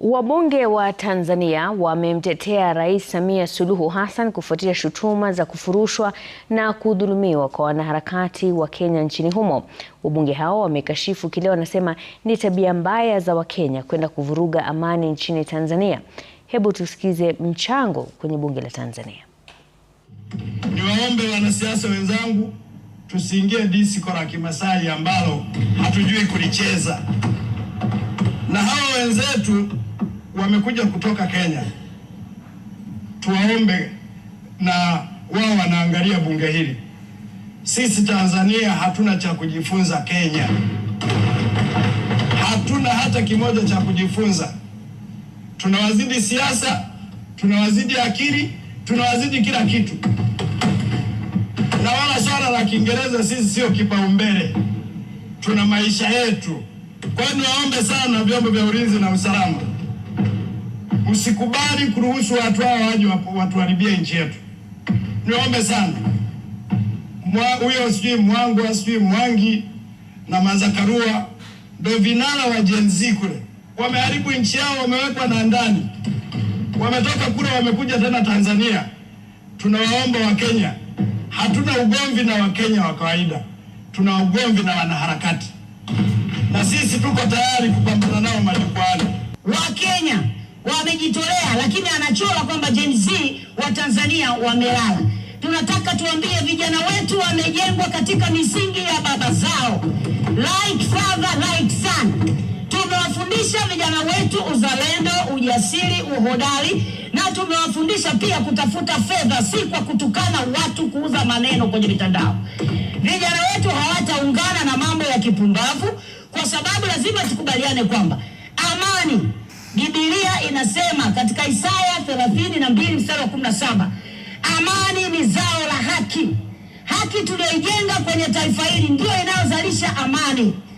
Wabunge wa Tanzania wamemtetea Rais Samia Suluhu Hassan kufuatia shutuma za kufurushwa na kudhulumiwa kwa wanaharakati wa Kenya nchini humo. Wabunge hao wamekashifu kile wanasema ni tabia mbaya za Wakenya kwenda kuvuruga amani nchini Tanzania. Hebu tusikize mchango kwenye bunge la Tanzania. Niwaombe wanasiasa wenzangu, tusiingie disiko la Kimasai ambalo hatujui kulicheza na hawa wenzetu wamekuja kutoka Kenya, tuwaombe na wao wanaangalia bunge hili. Sisi Tanzania hatuna cha kujifunza Kenya, hatuna hata kimoja cha kujifunza. Tunawazidi siasa, tunawazidi akili, tunawazidi kila kitu, na wala swala la Kiingereza sisi sio kipaumbele, tuna maisha yetu. Kwa hiyo niwaombe sana vyombo vya ulinzi na usalama Usikubali kuruhusu watu hao waje watuharibie nchi yetu. Niombe sana huyo sijui Mwangwa sijui Mwangi na Mazakarua ndio vinara wa Gen Z kule, wameharibu nchi yao, wamewekwa na ndani, wametoka kule, wamekuja tena Tanzania. Tunawaomba Wakenya, hatuna ugomvi na Wakenya wa kawaida, tuna ugomvi na wanaharakati, na sisi tuko tayari kupambana nao majukwani amejitolea, lakini anachola kwamba Gen Z wa Tanzania wamelala. Tunataka tuambie vijana wetu wamejengwa katika misingi ya baba zao, like father, like son. Tumewafundisha vijana wetu uzalendo, ujasiri, uhodari na tumewafundisha pia kutafuta fedha, si kwa kutukana watu, kuuza maneno kwenye mitandao. Vijana wetu hawataungana na mambo ya kipumbavu, kwa sababu lazima tukubaliane kwamba amani Biblia inasema katika Isaya 32 mstari wa saba amani ni zao la haki. Haki tuliyoijenga kwenye taifa hili ndio inayozalisha amani.